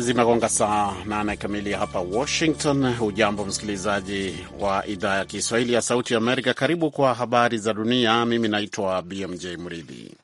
Zimegonga saa nane kamili hapa Washington. Hujambo msikilizaji wa idhaa ya Kiswahili ya Sauti Amerika, karibu kwa habari za dunia. Mimi naitwa BMJ Mridhi.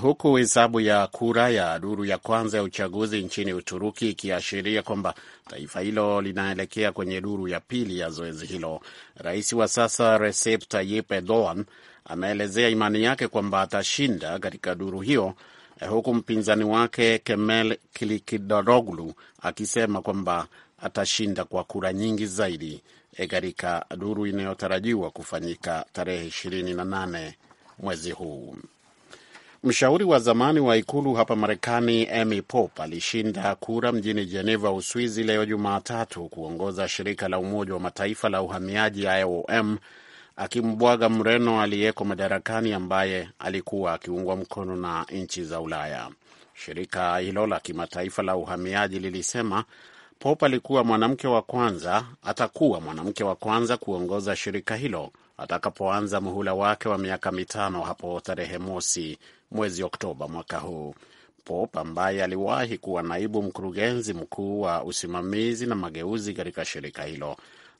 Huku hesabu ya kura ya duru ya kwanza ya uchaguzi nchini Uturuki ikiashiria kwamba taifa hilo linaelekea kwenye duru ya pili ya zoezi hilo, rais wa sasa Recep Tayyip Erdogan ameelezea imani yake kwamba atashinda katika duru hiyo Eh, huku mpinzani wake kemel kilikidoroglu akisema kwamba atashinda kwa kura nyingi zaidi eh, katika duru inayotarajiwa kufanyika tarehe 28 mwezi huu. Mshauri wa zamani wa ikulu hapa Marekani Amy Pope alishinda kura mjini Jeneva, Uswizi leo Jumatatu kuongoza shirika la Umoja wa Mataifa la uhamiaji IOM akimbwaga Mreno aliyeko madarakani ambaye alikuwa akiungwa mkono na nchi za Ulaya. Shirika hilo la kimataifa la uhamiaji lilisema pop alikuwa mwanamke wa kwanza, atakuwa mwanamke wa kwanza kuongoza shirika hilo atakapoanza muhula wake wa miaka mitano hapo tarehe mosi mwezi Oktoba mwaka huu. pop ambaye aliwahi kuwa naibu mkurugenzi mkuu wa usimamizi na mageuzi katika shirika hilo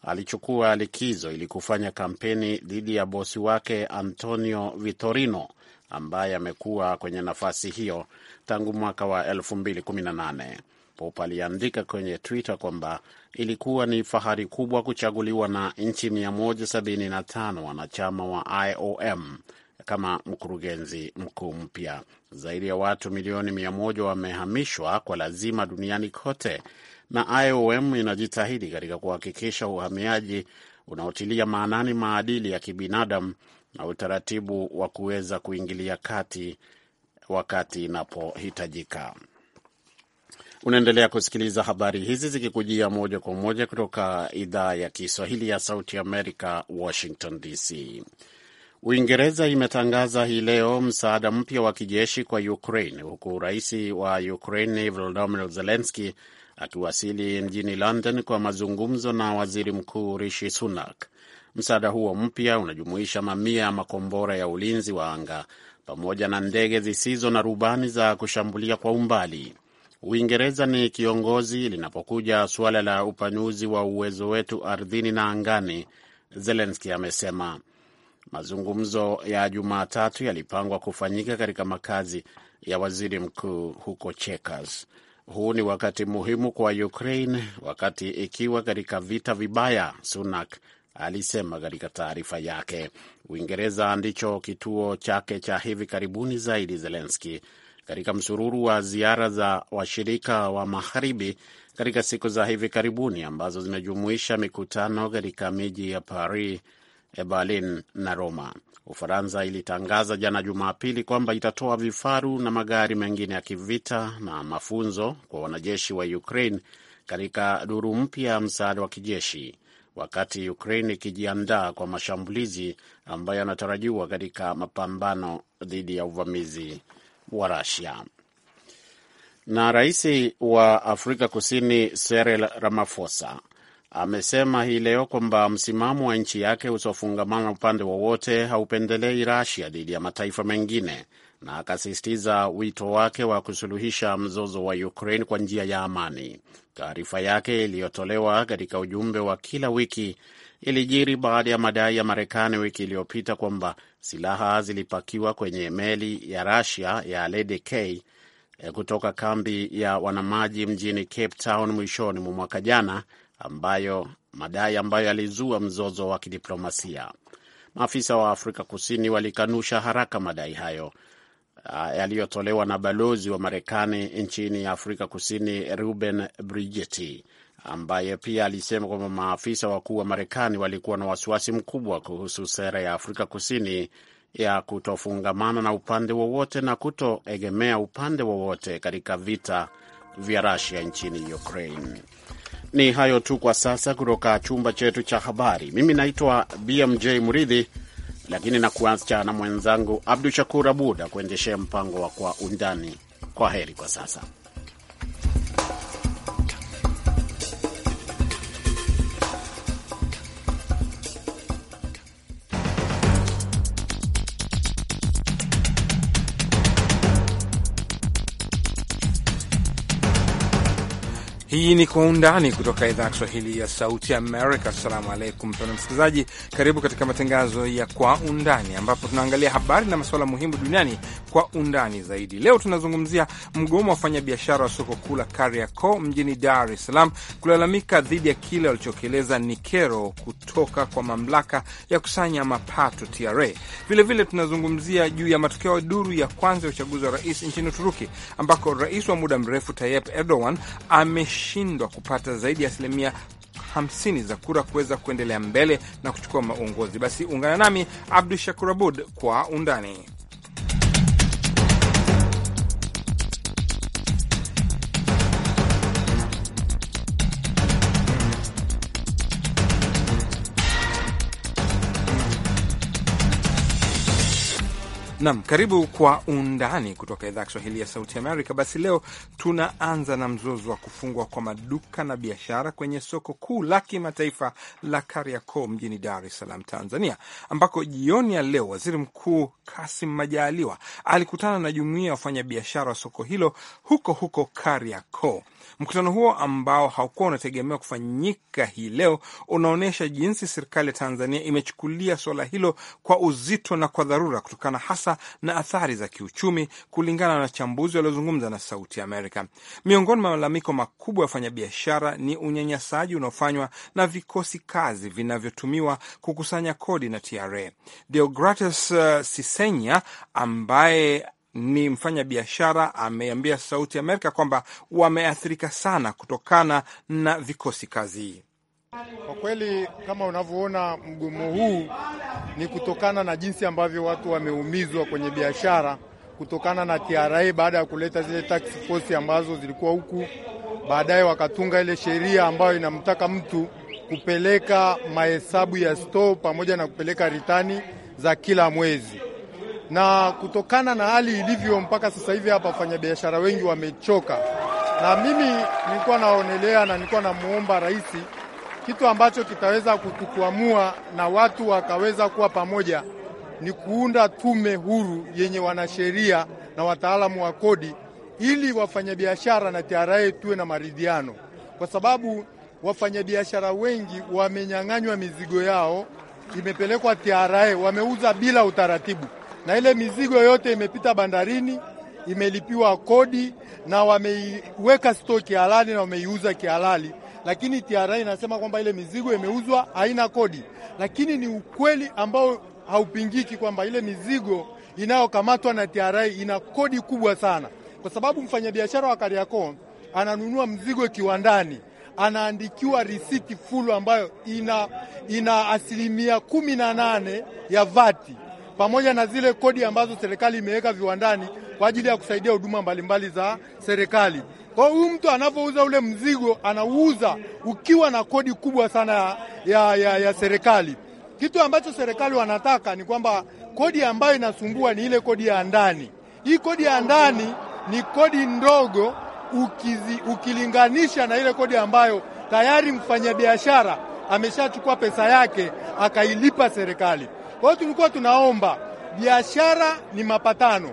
alichukua likizo ili kufanya kampeni dhidi ya bosi wake Antonio Vitorino ambaye amekuwa kwenye nafasi hiyo tangu mwaka wa 2018. Pope aliandika kwenye Twitter kwamba ilikuwa ni fahari kubwa kuchaguliwa na nchi 175 wanachama wa IOM kama mkurugenzi mkuu mpya. Zaidi ya watu milioni mia moja wamehamishwa kwa lazima duniani kote, na IOM inajitahidi katika kuhakikisha uhamiaji unaotilia maanani maadili ya kibinadamu na utaratibu wa kuweza kuingilia kati wakati inapohitajika. Unaendelea kusikiliza habari hizi zikikujia moja kwa moja kutoka idhaa ya Kiswahili ya Sauti Amerika, Washington DC. Uingereza imetangaza hii leo msaada mpya wa kijeshi kwa Ukraine, huku rais wa Ukraine Volodymyr Zelensky akiwasili mjini London kwa mazungumzo na waziri mkuu Rishi Sunak. Msaada huo mpya unajumuisha mamia ya makombora ya ulinzi wa anga pamoja na ndege zisizo na rubani za kushambulia kwa umbali. Uingereza ni kiongozi linapokuja suala la upanuzi wa uwezo wetu ardhini na angani, Zelenski amesema. Mazungumzo ya Jumatatu yalipangwa kufanyika katika makazi ya waziri mkuu huko Chekas. Huu ni wakati muhimu kwa Ukraine, wakati ikiwa katika vita vibaya, Sunak alisema katika taarifa yake. Uingereza ndicho kituo chake cha hivi karibuni zaidi Zelenski katika msururu wa ziara za washirika wa magharibi katika siku za hivi karibuni ambazo zimejumuisha mikutano katika miji ya Paris, Berlin na Roma. Ufaransa ilitangaza jana Jumapili kwamba itatoa vifaru na magari mengine ya kivita na mafunzo kwa wanajeshi wa Ukraine katika duru mpya ya msaada wa kijeshi, wakati Ukraine ikijiandaa kwa mashambulizi ambayo yanatarajiwa katika mapambano dhidi ya uvamizi wa Rusia. Na rais wa Afrika Kusini Cyril Ramaphosa amesema hii leo kwamba msimamo wa nchi yake usiofungamana upande wowote haupendelei rasia dhidi ya mataifa mengine, na akasisitiza wito wake wa kusuluhisha mzozo wa Ukraine kwa njia ya amani. Taarifa yake iliyotolewa katika ujumbe wa kila wiki ilijiri baada ya madai ya Marekani wiki iliyopita kwamba silaha zilipakiwa kwenye meli ya rasia ya Lady K eh, kutoka kambi ya wanamaji mjini Cape Town mwishoni mwa mwaka jana ambayo madai ambayo yalizua mzozo wa kidiplomasia. Maafisa wa Afrika Kusini walikanusha haraka madai hayo ah, yaliyotolewa na balozi wa Marekani nchini Afrika Kusini Ruben Brigetti, ambaye pia alisema kwamba maafisa wakuu wa Marekani walikuwa na wasiwasi mkubwa kuhusu sera ya Afrika Kusini ya kutofungamana na upande wowote na kutoegemea upande wowote katika vita vya Rusia nchini Ukraine. Ni hayo tu kwa sasa kutoka chumba chetu cha habari. Mimi naitwa BMJ Muridhi, lakini na kuacha na mwenzangu Abdu Shakur Abuda kuendeshea mpango wa Kwa Undani. Kwa heri kwa sasa. Hii ni Kwa Undani kutoka idhaa ya Kiswahili ya Sauti ya Amerika. Assalamu alaikum mpendwa msikilizaji, karibu katika matangazo ya Kwa Undani ambapo tunaangalia habari na masuala muhimu duniani kwa undani zaidi. Leo tunazungumzia mgomo wa wafanyabiashara wa soko kuu la Kariakoo mjini Dar es Salaam kulalamika dhidi ya kile walichokieleza ni kero kutoka kwa mamlaka ya kusanya mapato TRA. Vilevile tunazungumzia juu ya matokeo ya duru ya kwanza ya uchaguzi wa rais nchini Uturuki ambako rais wa muda mrefu Tayyip Erdogan ame kushindwa kupata zaidi ya asilimia 50 za kura kuweza kuendelea mbele na kuchukua uongozi. Basi ungana nami Abdu Shakur Abud kwa undani. Nam, karibu kwa undani kutoka idhaa ya Kiswahili ya Sauti Amerika. Basi leo tunaanza na mzozo wa kufungwa kwa maduka na biashara kwenye soko kuu la kimataifa la Kariakoo mjini Dar es Salaam, Tanzania, ambako jioni ya leo Waziri Mkuu Kasim Majaliwa alikutana na jumuia ya wafanyabiashara wa soko hilo huko huko Kariakoo Mkutano huo ambao haukuwa unategemewa kufanyika hii leo unaonyesha jinsi serikali ya Tanzania imechukulia suala hilo kwa uzito na kwa dharura, kutokana hasa na athari za kiuchumi, kulingana na wachambuzi waliozungumza na Sauti Amerika. Miongoni mwa malalamiko makubwa ya wafanyabiashara ni unyanyasaji unaofanywa na vikosi kazi vinavyotumiwa kukusanya kodi na TRA. Deogratus uh, Sisenya ambaye ni mfanya biashara ameambia Sauti Amerika kwamba wameathirika sana kutokana na vikosi kazi. Kwa kweli kama unavyoona mgomo huu ni kutokana na jinsi ambavyo watu wameumizwa kwenye biashara kutokana na TRA baada ya kuleta zile tax force ambazo zilikuwa huku, baadaye wakatunga ile sheria ambayo inamtaka mtu kupeleka mahesabu ya store pamoja na kupeleka ritani za kila mwezi na kutokana na hali ilivyo mpaka sasa hivi hapa wafanyabiashara wengi wamechoka, na mimi nilikuwa naonelea na nilikuwa namwomba rais kitu ambacho kitaweza kutukwamua na watu wakaweza kuwa pamoja ni kuunda tume huru yenye wanasheria na wataalamu wa kodi, ili wafanyabiashara na TRA tuwe na maridhiano, kwa sababu wafanyabiashara wengi wamenyang'anywa mizigo yao, imepelekwa TRA, wameuza bila utaratibu na ile mizigo yote imepita bandarini, imelipiwa kodi na wameiweka stoki kihalali na wameiuza kihalali, lakini TRA inasema kwamba ile mizigo imeuzwa haina kodi, lakini ni ukweli ambao haupingiki kwamba ile mizigo inayokamatwa na TRA ina kodi kubwa sana, kwa sababu mfanyabiashara wa Kariakoo ananunua mzigo kiwandani anaandikiwa risiti fulu ambayo ina, ina asilimia kumi na nane ya vati pamoja na zile kodi ambazo serikali imeweka viwandani kwa ajili ya kusaidia huduma mbalimbali za serikali. Kwa hiyo huyu mtu anapouza ule mzigo anauuza ukiwa na kodi kubwa sana ya, ya, ya, ya serikali. Kitu ambacho serikali wanataka ni kwamba kodi ambayo inasumbua ni ile kodi ya ndani. Hii kodi ya ndani ni kodi ndogo ukizi, ukilinganisha na ile kodi ambayo tayari mfanyabiashara ameshachukua pesa yake akailipa serikali. Kwa hiyo tulikuwa tunaomba biashara ni mapatano,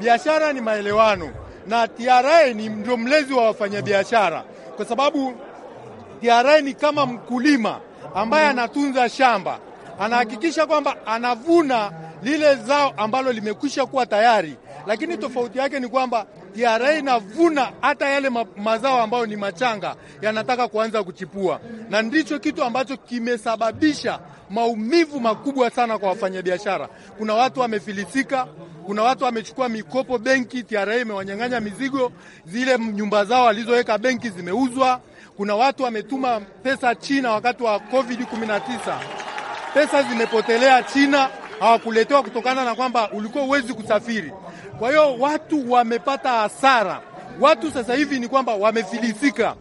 biashara ni maelewano, na TRA ni ndio mlezi wa wafanyabiashara, kwa sababu TRA ni kama mkulima ambaye anatunza shamba, anahakikisha kwamba anavuna lile zao ambalo limekwisha kuwa tayari, lakini tofauti yake ni kwamba TRA inavuna hata yale ma mazao ambayo ni machanga yanataka kuanza kuchipua, na ndicho kitu ambacho kimesababisha maumivu makubwa sana kwa wafanyabiashara. Kuna watu wamefilisika, kuna watu wamechukua mikopo benki, TRA imewanyang'anya mizigo, zile nyumba zao walizoweka benki zimeuzwa. Kuna watu wametuma pesa China wakati wa COVID 19, pesa zimepotelea China, hawakuletewa kutokana na kwamba ulikuwa uwezi kusafiri. Kwa hiyo watu wamepata hasara, watu sasa hivi ni kwamba wamefilisika.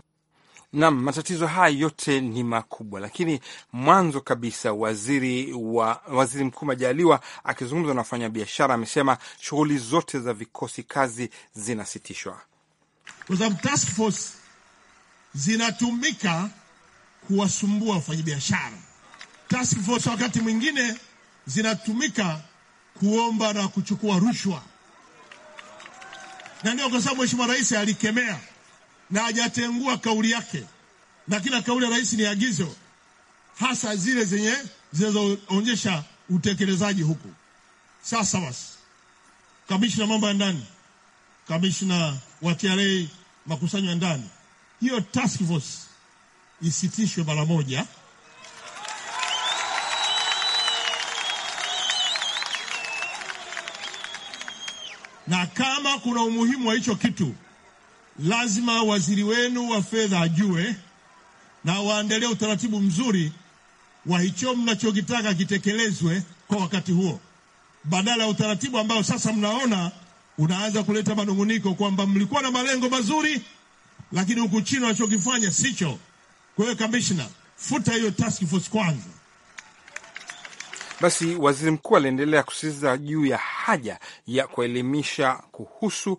Nam, matatizo haya yote ni makubwa, lakini mwanzo kabisa waziri wa waziri mkuu Majaliwa akizungumza na wafanyabiashara amesema shughuli zote za vikosi kazi zinasitishwa kwa sababu task force zinatumika kuwasumbua wafanyabiashara. Task force wakati mwingine zinatumika kuomba na kuchukua rushwa, na ndio kwa sababu Mheshimiwa Rais alikemea na hajatengua kauli yake, na kila kauli ya rais ni agizo, hasa zile zenye zinazoonyesha utekelezaji huku. Sasa basi, kamishna mambo ya ndani, kamishna wa TRA makusanyo ya ndani, hiyo task force isitishwe mara moja, na kama kuna umuhimu wa hicho kitu lazima waziri wenu wa fedha ajue na waandalie utaratibu mzuri wa hicho mnachokitaka kitekelezwe kwa wakati huo, badala ya utaratibu ambao sasa mnaona unaanza kuleta manunguniko kwamba mlikuwa na malengo mazuri, lakini huku chini wanachokifanya sicho. Kwa hiyo, kamishna, futa hiyo task force kwanza. Basi waziri mkuu aliendelea kusisitiza juu ya haja ya kuelimisha kuhusu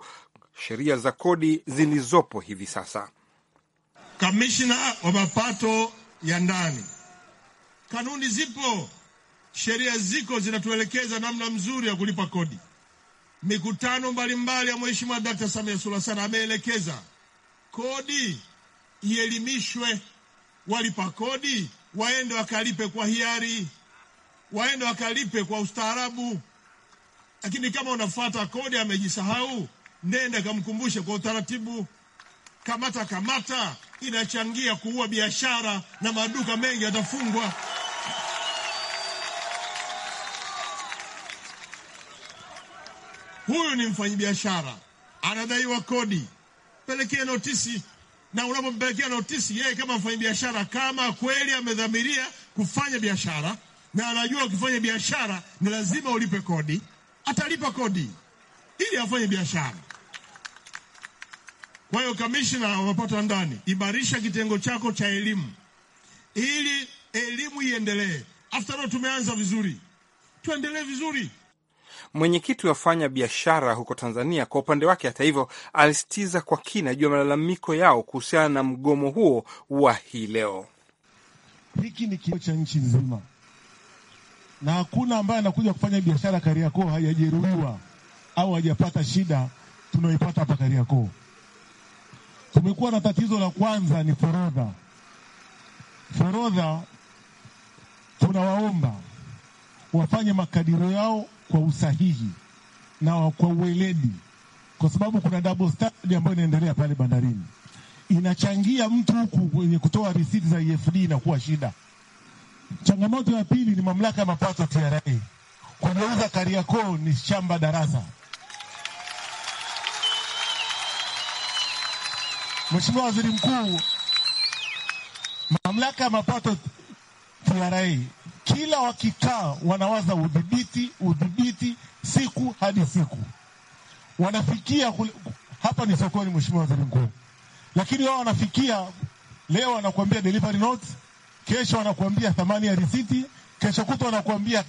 sheria za kodi zilizopo hivi sasa. Kamishna wa mapato ya ndani, kanuni zipo, sheria ziko, zinatuelekeza namna mzuri ya kulipa kodi. Mikutano mbalimbali ya Mheshimiwa Dkt. Samia Suluhu Hassan ameelekeza kodi ielimishwe, walipa kodi waende wakalipe kwa hiari, waende wakalipe kwa ustaarabu. Lakini kama unafuata kodi amejisahau nenda kamkumbushe kwa utaratibu. Kamata kamata inachangia kuua biashara na maduka mengi yatafungwa. Huyu ni mfanyibiashara anadaiwa kodi, pelekea notisi. Na unapompelekea notisi, yeye kama mfanyibiashara, kama kweli amedhamiria kufanya biashara na anajua ukifanya biashara ni lazima ulipe kodi, atalipa kodi ili afanye biashara. Kwa hiyo kamishna wa ndani, ibarisha kitengo chako cha elimu ili elimu iendelee. After all tumeanza vizuri, tuendelee vizuri. Mwenyekiti wa wafanya biashara huko Tanzania kwa upande wake, hata hivyo, alisitiza kwa kina juu ya malalamiko yao kuhusiana na mgomo huo wa hii leo. Hiki ni kio cha nchi nzima, na hakuna ambaye anakuja kufanya biashara Kariakoo hajajeruhiwa au hajapata shida tunaoipata hapa Kariakoo. Kumekuwa na tatizo la kwanza ni forodha. Forodha tunawaomba wafanye makadirio yao kwa usahihi na kwa uweledi, kwa sababu kuna double standard ambayo inaendelea pale bandarini, inachangia mtu huku kwenye kutoa risiti za EFD inakuwa shida. Changamoto ya pili ni mamlaka ya mapato TRA, kugeuza Kariakoo ni shamba darasa. Mheshimiwa Waziri Mkuu, mamlaka ya mapato TRA kila wakikaa wanawaza udhibiti, udhibiti siku hadi siku, wanafikia kule, hapa ni sokoni, Mheshimiwa Waziri Mkuu, lakini wao wanafikia leo wanakuambia delivery notes, kesho wanakuambia thamani ya risiti, kesho kutwa wanakuambia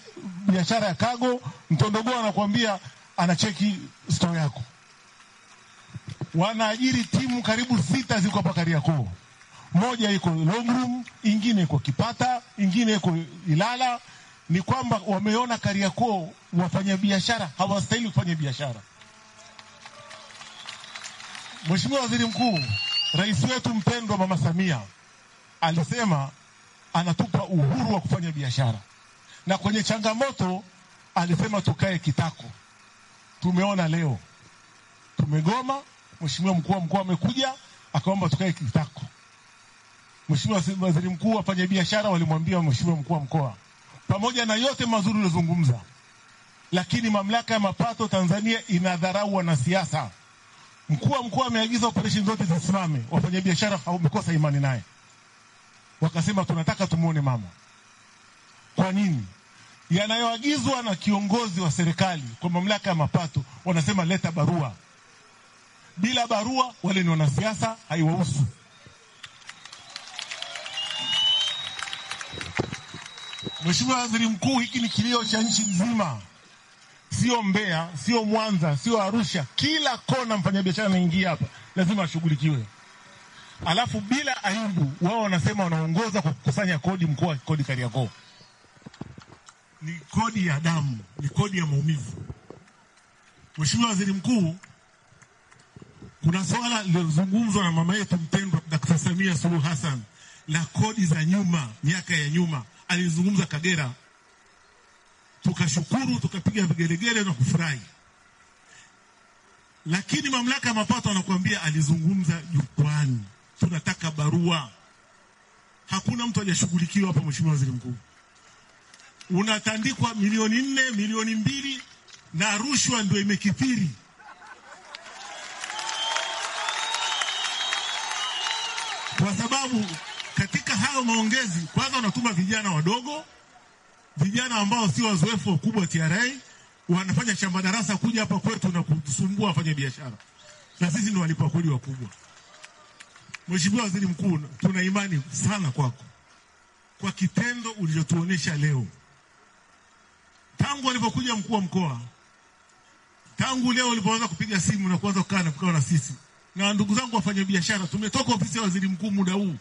biashara ya kago, mtondogoo anakuambia anacheki store yako wanaajiri timu karibu sita ziko hapa Kariakoo. Moja iko Longroom, ingine iko Kipata, ingine iko Ilala. Ni kwamba wameona Kariakoo wafanyabiashara hawastahili kufanya biashara. Mheshimiwa Waziri Mkuu, rais wetu mpendwa Mama Samia alisema anatupa uhuru wa kufanya biashara, na kwenye changamoto alisema tukae kitako. Tumeona leo tumegoma. Mheshimiwa mkuu wa mkoa amekuja akaomba tukae kitako. Mheshimiwa waziri mkuu, wafanya biashara walimwambia mheshimiwa mkuu wa mkoa, pamoja na yote mazuri uliozungumza, lakini mamlaka ya mapato Tanzania inadharau wanasiasa. Mkuu wa mkoa ameagiza operesheni zote zisimame, wafanya biashara wamekosa imani naye, wakasema tunataka tumwone mama. Kwa nini? Yanayoagizwa na kiongozi wa serikali kwa mamlaka ya mapato wanasema leta barua bila barua, wale ni wanasiasa, haiwahusu. Mheshimiwa Waziri Mkuu, hiki ni kilio cha nchi nzima, sio Mbeya, sio Mwanza, sio Arusha. Kila kona mfanyabiashara anaingia hapa, lazima ashughulikiwe. Alafu bila aibu, wao wanasema wanaongoza kwa kukusanya kodi mkuu wa kodi Kariakoo. Ni kodi ya damu, ni kodi ya maumivu. Mheshimiwa Waziri Mkuu, kuna swala lililozungumzwa na mama yetu mpendwa Dkt. Samia Suluhu Hassan la kodi za nyuma, miaka ya nyuma, alizungumza Kagera, tukashukuru tukapiga vigelegele na kufurahi, lakini mamlaka ya mapato anakuambia alizungumza jukwani, tunataka barua. Hakuna mtu hajashughulikiwa hapa, Mheshimiwa Waziri Mkuu, unatandikwa milioni nne, milioni mbili, na rushwa ndio imekithiri. kwa sababu katika hayo maongezi, kwanza unatuma vijana wadogo, vijana ambao sio wazoefu wakubwa TRA, wanafanya chamba darasa kuja hapa kwetu na kutusumbua wafanye biashara, na sisi ndio walipa kodi wakubwa. Mheshimiwa Waziri Mkuu, tuna imani sana kwako kwa kitendo ulichotuonesha leo, tangu alipokuja mkuu wa mkoa, tangu leo ulipoanza kupiga simu na kuanza kukaa na kukaa na sisi na ndugu zangu wafanya biashara, tumetoka ofisi ya waziri mkuu muda huu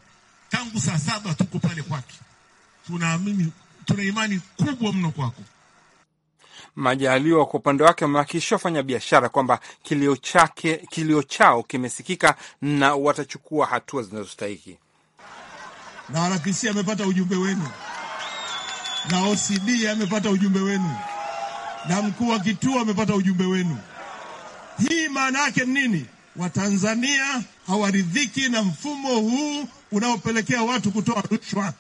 tangu saa saba, tuko pale kwake. Tunaamini, tuna imani kubwa mno kwako. Majaliwa kwa upande wake amewahakikishia wafanya biashara kwamba kilio chake kilio chao kimesikika na watachukua hatua zinazostahiki. Na warakisi amepata ujumbe wenu, na OCD amepata ujumbe wenu, na mkuu wa kituo amepata ujumbe wenu. Hii maana yake nini? Watanzania hawaridhiki na mfumo huu unaopelekea watu kutoa rushwa.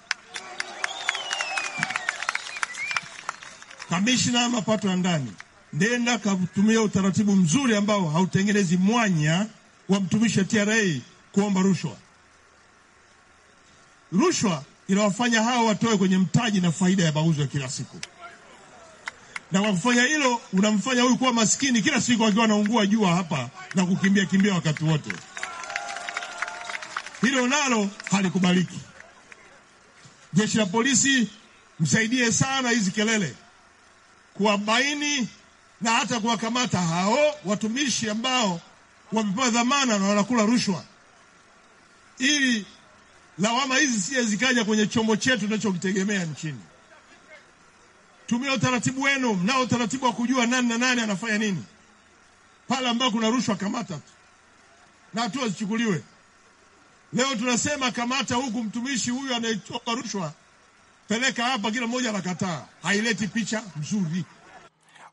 Kamishna mapato ya ndani, nenda katumia utaratibu mzuri ambao hautengenezi mwanya wa mtumishi wa TRA kuomba rushwa. Rushwa inawafanya hao watoe kwenye mtaji na faida ya mauzo ya kila siku na kwa kufanya hilo unamfanya huyu kuwa maskini kila siku akiwa anaungua jua hapa na kukimbia kimbia wakati wote. Hilo nalo halikubaliki. Jeshi la polisi msaidie sana hizi kelele kuwabaini na hata kuwakamata hao watumishi ambao wamepewa dhamana na wanakula rushwa, ili lawama hizi sije zikaja kwenye chombo chetu tunachokitegemea nchini. Tumia utaratibu wenu, mnao utaratibu wa kujua nani na nani anafanya nini. Pale ambapo kuna rushwa, kamata tu na hatua zichukuliwe. Leo tunasema kamata huku, mtumishi huyu anayetoka rushwa peleka hapa, kila mmoja anakataa, haileti picha nzuri.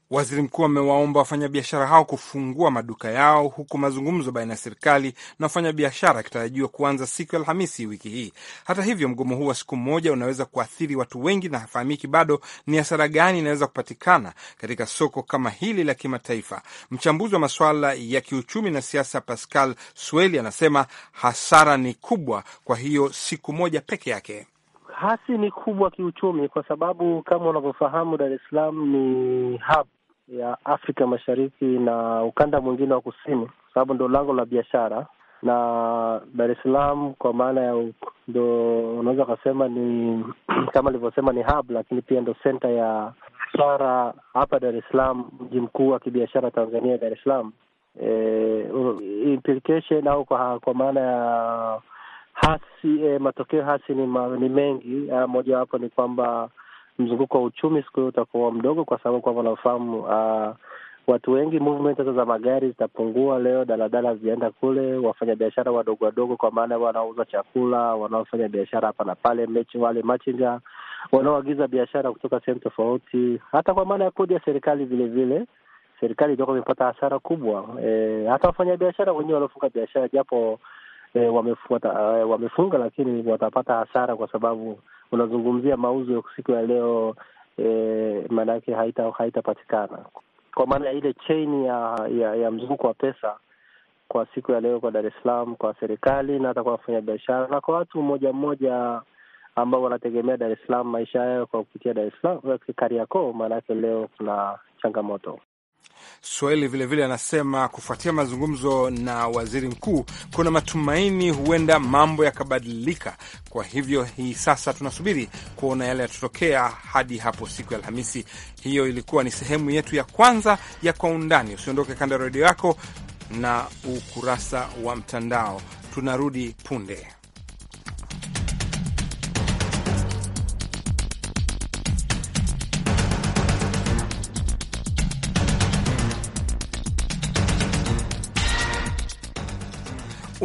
Waziri mkuu amewaomba wafanyabiashara hao kufungua maduka yao huku mazungumzo baina ya serikali na wafanyabiashara akitarajiwa kuanza siku ya Alhamisi wiki hii. Hata hivyo, mgomo huu wa siku moja unaweza kuathiri watu wengi na hafahamiki bado ni hasara gani inaweza kupatikana katika soko kama hili la kimataifa. Mchambuzi wa masuala ya kiuchumi na siasa Pascal Sweli anasema hasara ni kubwa, kwa hiyo siku moja peke yake hasi ni kubwa kiuchumi, kwa sababu kama unavyofahamu Dar es Salaam ni hub ya Afrika Mashariki na ukanda mwingine wa kusini, kwa sababu ndo lango la biashara na Dar es Salaam kwa maana ya ndo unaweza ukasema ni kama alivyosema ni hub, lakini pia ndo senta ya biashara hapa Dar es Salaam, mji mkuu wa kibiashara Tanzania, Dar es Salaam. E, implication au kwa, kwa maana ya hasi eh, matokeo hasi ni, ma, ni mengi. Ah, mojawapo ni kwamba mzunguko wa uchumi siku hiyo utakuwa mdogo, kwa sababu kwamba unafahamu uh, ah, watu wengi, movement za magari zitapungua. Leo daladala hazijaenda kule, wafanyabiashara wadogo wadogo, kwa maana wanaouza chakula, wanaofanya biashara hapa na pale, mechi wale machinga, wanaoagiza biashara kutoka sehemu tofauti, hata kwa maana ya kodi ya serikali vilevile serikali itakuwa imepata hasara kubwa. E, hata wafanyabiashara wenyewe waliofunga biashara japo e, wamefuata, eh, wamefunga, lakini watapata hasara kwa sababu unazungumzia mauzo ya siku ya leo e, eh, maana haitapatikana haita kwa maana ya ile chain ya, ya, ya mzunguko wa pesa kwa siku ya leo kwa Dar es Salaam, kwa serikali na hata kwa wafanyabiashara na kwa watu mmoja mmoja ambao wanategemea Dar es Salaam maisha yao kwa kupitia Dar es Salaam Kariakoo, maanake leo kuna changamoto. Swahili vilevile anasema kufuatia mazungumzo na waziri mkuu kuna matumaini huenda mambo yakabadilika. Kwa hivyo hii sasa tunasubiri kuona yale yatotokea hadi hapo siku ya Alhamisi. Hiyo ilikuwa ni sehemu yetu ya kwanza ya Kwa Undani. Usiondoke kando ya redio yako na ukurasa wa mtandao, tunarudi punde.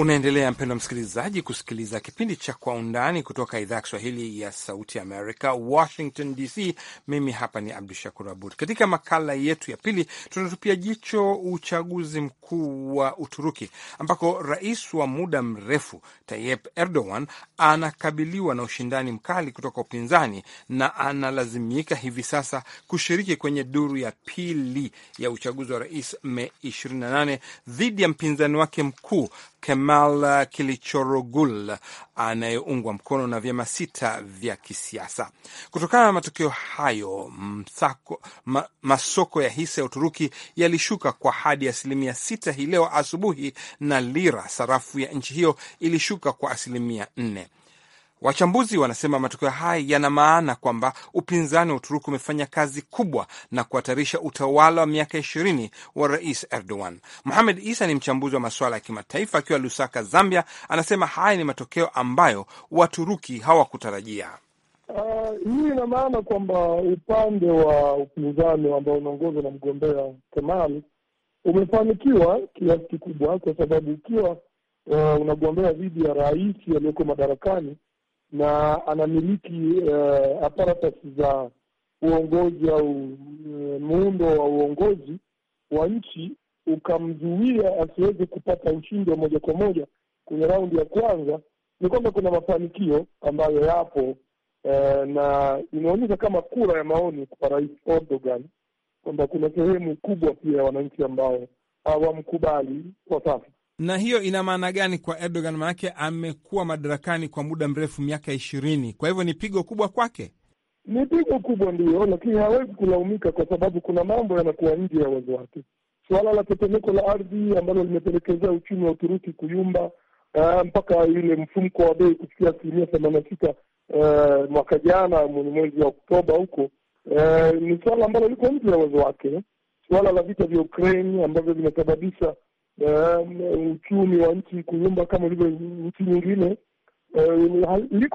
Unaendelea mpendo msikilizaji kusikiliza kipindi cha Kwa Undani kutoka idhaa ya Kiswahili ya Sauti ya Amerika, Washington DC. Mimi hapa ni Abdu Shakur Abud. Katika makala yetu ya pili, tunatupia jicho uchaguzi mkuu wa Uturuki ambako rais wa muda mrefu Tayyip Erdogan anakabiliwa na ushindani mkali kutoka upinzani na analazimika hivi sasa kushiriki kwenye duru ya pili ya uchaguzi wa rais Mei 28 dhidi ya mpinzani wake mkuu Kemal uh, Kilichorogul anayeungwa mkono na vyama sita vya kisiasa. Kutokana na matokeo hayo, msako, ma, masoko ya hisa ya Uturuki yalishuka kwa hadi asilimia sita hii leo asubuhi, na lira, sarafu ya nchi hiyo, ilishuka kwa asilimia nne. Wachambuzi wanasema matokeo haya yana maana kwamba upinzani wa Uturuki umefanya kazi kubwa na kuhatarisha utawala wa miaka ishirini wa Rais Erdogan. muhamed Isa ni mchambuzi wa masuala ya kimataifa akiwa Lusaka, Zambia, anasema haya ni matokeo ambayo Waturuki hawakutarajia. Ah, hii ina maana kwamba upande wa upinzani ambao unaongozwa na mgombea Kemal umefanikiwa kiasi kikubwa, kwa sababu ukiwa uh, unagombea dhidi ya rais aliyoko madarakani na anamiliki uh, apparatus za uongozi au uh, muundo wa uongozi wa nchi ukamzuia asiweze kupata ushindi wa moja kwa moja kwenye raundi ya kwanza, ni kwamba kuna mafanikio ambayo yapo uh, na inaonyesha kama kura ya maoni kwa Rais Erdogan kwamba kuna sehemu kubwa pia ya wananchi ambao hawamkubali kwa sasa na hiyo ina maana gani kwa Erdogan? Maanake amekuwa madarakani kwa muda mrefu, miaka ishirini. Kwa hivyo ni pigo kubwa kwake, ni pigo kubwa ndiyo, lakini hawezi kulaumika kwa sababu kuna mambo yanakuwa nje ya uwezo wake. Suala la tetemeko la ardhi ambalo limepelekezea uchumi wa Uturuki kuyumba uh, mpaka yule mfumko wa bei kufikia asilimia themanini na sita uh, mwaka jana mwezi wa Oktoba huko uh, ni suala ambalo liko nje ya uwezo wake. Suala la vita vya Ukraine ambavyo vimesababisha Um, uchumi wa nchi kuyumba kama ilivyo nchi nyingine, um,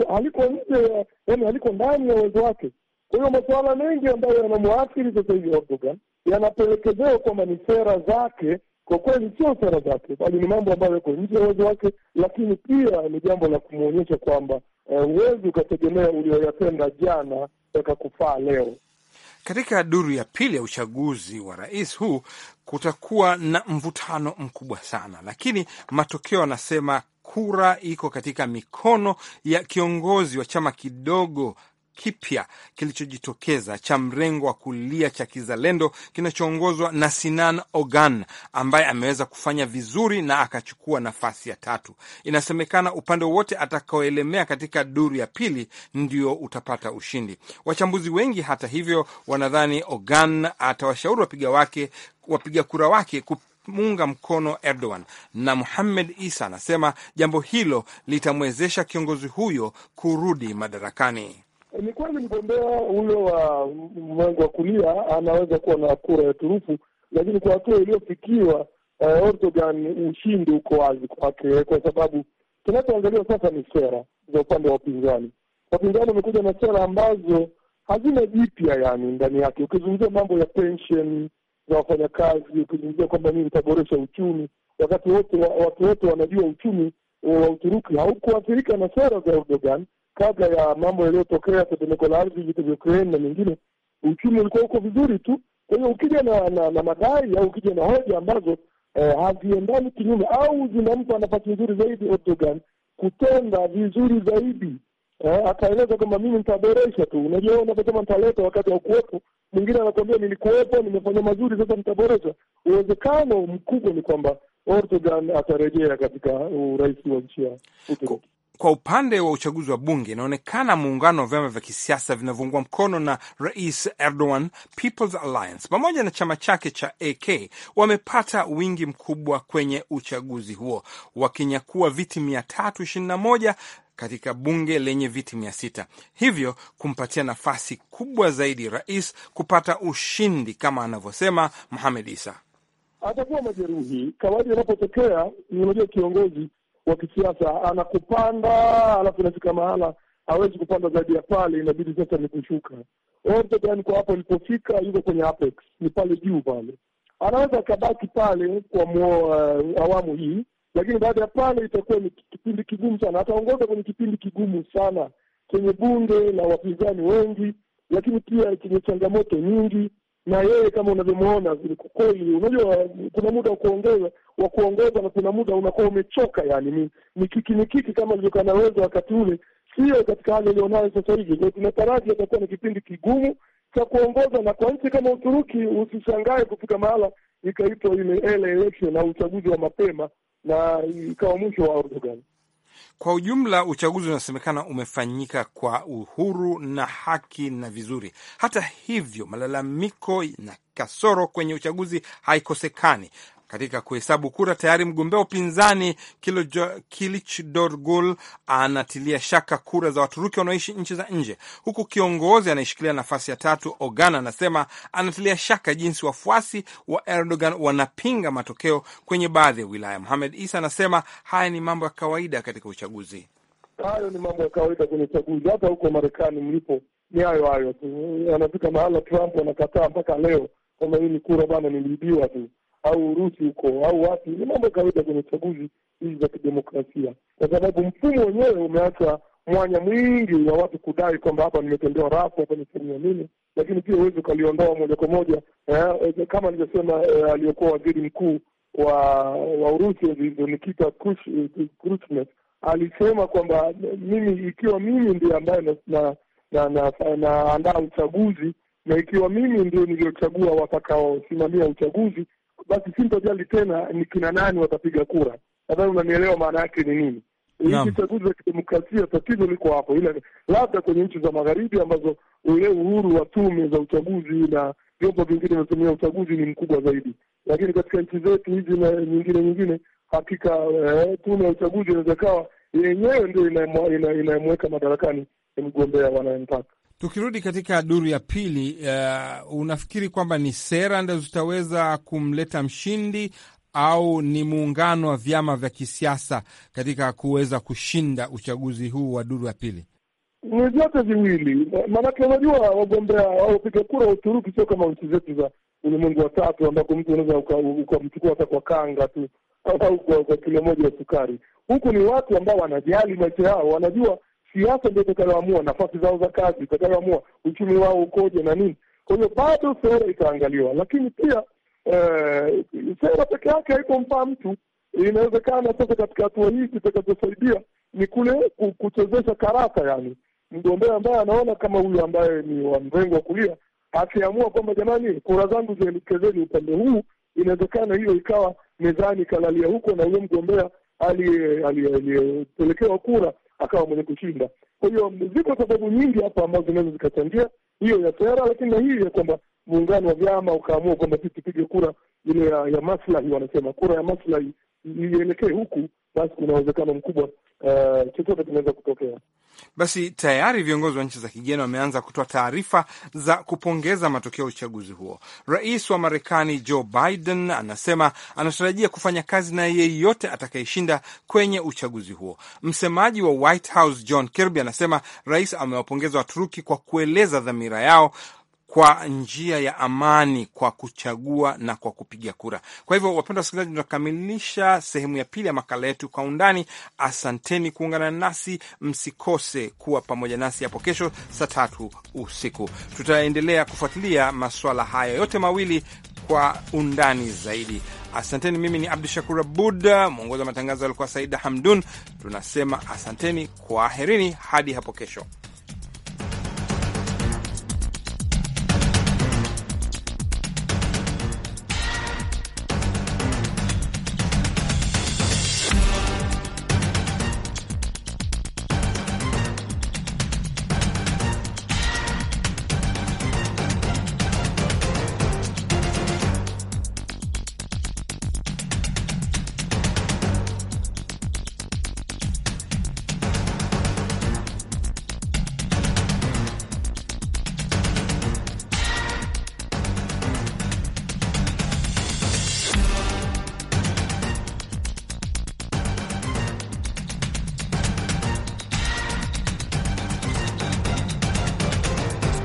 haliko nje, yaani haliko ndani ya uwezo wake. Kwa hiyo masuala mengi ambayo yanamwathiri sasa hivi Erdogan yanapelekezewa kwamba ni sera zake, kwa kweli sio sera zake, bali ni mambo ambayo yako nje ya uwezo wake, lakini pia ni jambo la kumwonyesha kwamba uh, huwezi ukategemea ulioyatenda jana yakakufaa leo. Katika duru ya pili ya uchaguzi wa rais huu kutakuwa na mvutano mkubwa sana, lakini matokeo yanasema kura iko katika mikono ya kiongozi wa chama kidogo kipya kilichojitokeza cha mrengo wa kulia cha kizalendo kinachoongozwa na Sinan Ogan ambaye ameweza kufanya vizuri na akachukua nafasi ya tatu. Inasemekana upande wote atakaoelemea katika duru ya pili ndio utapata ushindi. Wachambuzi wengi, hata hivyo, wanadhani Ogan atawashauri wapiga wake wapiga kura wake ku muunga mkono Erdogan na Muhamed Isa anasema jambo hilo litamwezesha kiongozi huyo kurudi madarakani. Eh, ni kweli mgombea huyo wa mrengo wa kulia anaweza kuwa na kura ya turufu, lakini kwa hatua iliyofikiwa uh, ushindi uko wazi kwake, eh, kwa sababu kinachoangaliwa sasa ni sera za upande wa upinzani. Wapinzani wamekuja na sera ambazo hazina jipya yani ndani yake. Ukizungumzia mambo ya pension za wafanyakazi, ukizungumzia kwamba nii itaboresha uchumi, wakati wote watu wote wanajua uchumi wa Uturuki haukuathirika na sera za Erdogan kabla ya mambo yaliyotokea tetemeko la ardhi, vita vya Ukraine na mingine, uchumi ulikuwa uko vizuri tu. Kwa hiyo ukija na, na, na madai au ukija na hoja ambazo eh, haziendani kinyume au zinampa nafasi nzuri zaidi Erdogan kutenda vizuri zaidi eh, akaeleza kwamba mimi nitaboresha tu. Unajua, unaposema nitaleta wakati kuwepo, mwingine anakuambia nilikuwepo, nimefanya mazuri, sasa nitaboresha. Uwezekano mkubwa ni kwamba Erdogan atarejea katika urais uh, wa nchi yao. Kwa upande wa uchaguzi wa bunge inaonekana muungano wa vyama vya kisiasa vinavyoungwa mkono na Rais Erdogan, People's Alliance pamoja na chama chake cha AK wamepata wingi mkubwa kwenye uchaguzi huo wakinyakua viti 321 katika bunge lenye viti mia sita, hivyo kumpatia nafasi kubwa zaidi rais kupata ushindi kama anavyosema Mohamed Isa. Atakuwa majeruhi kawaida, inapotokea ni unajua, kiongozi wa kisiasa, anakupanda alafu inafika mahala hawezi kupanda zaidi ya pale, inabidi sasa ni kushuka. Erdogan kwa hapo alipofika yuko kwenye apex, ni pale juu pale, anaweza akabaki pale kwa uh, awamu hii, lakini baada ya pale itakuwa ni kipindi kigumu sana. Ataongoza kwenye kipindi kigumu sana chenye bunge la wapinzani wengi, lakini pia chenye changamoto nyingi na yeye kama unavyomuona vile, unajua kuna muda wa kuongeza wa kuongoza na kuna muda unakuwa umechoka, yani ni kiki ni kiki kama alivyokuwa naweza wakati ule, sio katika hali alionayo sasa hivi. Ndio tunataraji atakuwa na kipindi kigumu cha kuongoza, na kwa nchi kama Uturuki usishangae kufika mahala ikaitwa ile ele election au uchaguzi wa mapema na ikawa mwisho wa Erdogan. Kwa ujumla, uchaguzi unasemekana umefanyika kwa uhuru na haki na vizuri. Hata hivyo, malalamiko na kasoro kwenye uchaguzi haikosekani, katika kuhesabu kura tayari mgombea upinzani kilichdorgul anatilia shaka kura za Waturuki wanaoishi nchi za nje, huku kiongozi anayeshikilia nafasi ya tatu Ogan anasema anatilia shaka jinsi wafuasi wa Erdogan wanapinga matokeo kwenye baadhi ya wilaya. muhamed Isa anasema haya ni mambo ya kawaida katika uchaguzi. Hayo ni mambo ya kawaida kwenye uchaguzi, hata huko Marekani mlipo ni hayo hayo tu. Anafika mahala Trump anakataa mpaka leo kwamba hii ni kura bana, niliibiwa tu au Urusi huko au wapi, ni mambo ya kawaida kwenye chaguzi hizi za kidemokrasia, kwa sababu mfumo wenyewe umeacha mwanya mwingi wa watu kudai kwamba hapa nimetendewa rafu, hapa nimefanyiwa nini, lakini pia huwezi ukaliondoa moja kwa moja eh, eh kama alivyosema eh, aliyokuwa waziri mkuu wa wa Urusi Nikita Khrushchev alisema kwamba mimi, ikiwa mimi ndio ambaye naandaa na, na, na, na uchaguzi na ikiwa mimi ndio niliochagua watakaosimamia uchaguzi, basi sintojali tena ni kina nani watapiga kura. Nadhani unanielewa maana yake ni nini. Hizi chaguzi za kidemokrasia tatizo liko hapo, ila labda kwenye nchi za magharibi ambazo ule uhuru wa tume za uchaguzi na vyombo vingine vinatumia uchaguzi ni mkubwa zaidi, lakini katika nchi zetu hizi na nyingine nyingine, hakika eh, tume ya uchaguzi inaweza kawa yenyewe ndio inayemweka madarakani mgombea wanayemtaka. Tukirudi katika duru ya pili, uh, unafikiri kwamba ni sera ndo zitaweza kumleta mshindi au ni muungano wa vyama vya kisiasa katika kuweza kushinda uchaguzi huu wa duru ya pili? Ni vyote viwili, maanake unajua, wagombea wapiga kura wa Uturuki sio kama nchi zetu za ulimwengu wa tatu ambako mtu unaweza ukamchukua hata kwa kanga tu au kwa kilo moja ya sukari. Huku ni watu ambao wanajali maisha yao, wanajua siasa ndio itakayoamua nafasi zao za kazi, itakayoamua uchumi wao ukoje na nini. Kwa hiyo bado sera itaangaliwa, lakini pia eh, sera peke yake haipomfaa mtu. Inawezekana sasa katika hatua hii kitakachosaidia ni kule kuchezesha karata, yani mgombea ambaye anaona kama huyu ambaye ni wa mrengo wa kulia akiamua kwamba jamani, kura zangu zielekezeni upande huu, inawezekana hiyo ikawa mezani ikalalia huko, na huyo mgombea aliyepelekewa kura akawa mwenye kushinda. Kwa hiyo mm, ziko sababu nyingi hapa ambazo zinaweza zikachangia hiyo ya sera, lakini na hii ya kwamba muungano wa vyama ukaamua kwamba sisi tupige kura ile ya, ya maslahi, wanasema kura ya maslahi ielekee huku basi kuna uwezekano mkubwa uh, chochote kinaweza kutokea. Basi tayari viongozi wa nchi za kigeni wameanza kutoa taarifa za kupongeza matokeo ya uchaguzi huo. Rais wa Marekani Joe Biden anasema anatarajia kufanya kazi na yeyote atakayeshinda kwenye uchaguzi huo. Msemaji wa White House John Kirby anasema rais amewapongeza Waturuki kwa kueleza dhamira yao kwa njia ya amani kwa kuchagua na kwa kupiga kura. Kwa hivyo, wapendwa wasikilizaji, tunakamilisha sehemu ya pili ya makala yetu kwa undani. Asanteni kuungana nasi, msikose kuwa pamoja nasi hapo kesho saa tatu usiku. Tutaendelea kufuatilia masuala haya yote mawili kwa undani zaidi. Asanteni. Mimi ni Abdu Shakur Abud, mwongozi wa matangazo alikuwa Saida Hamdun. Tunasema asanteni, kwaherini hadi hapo kesho.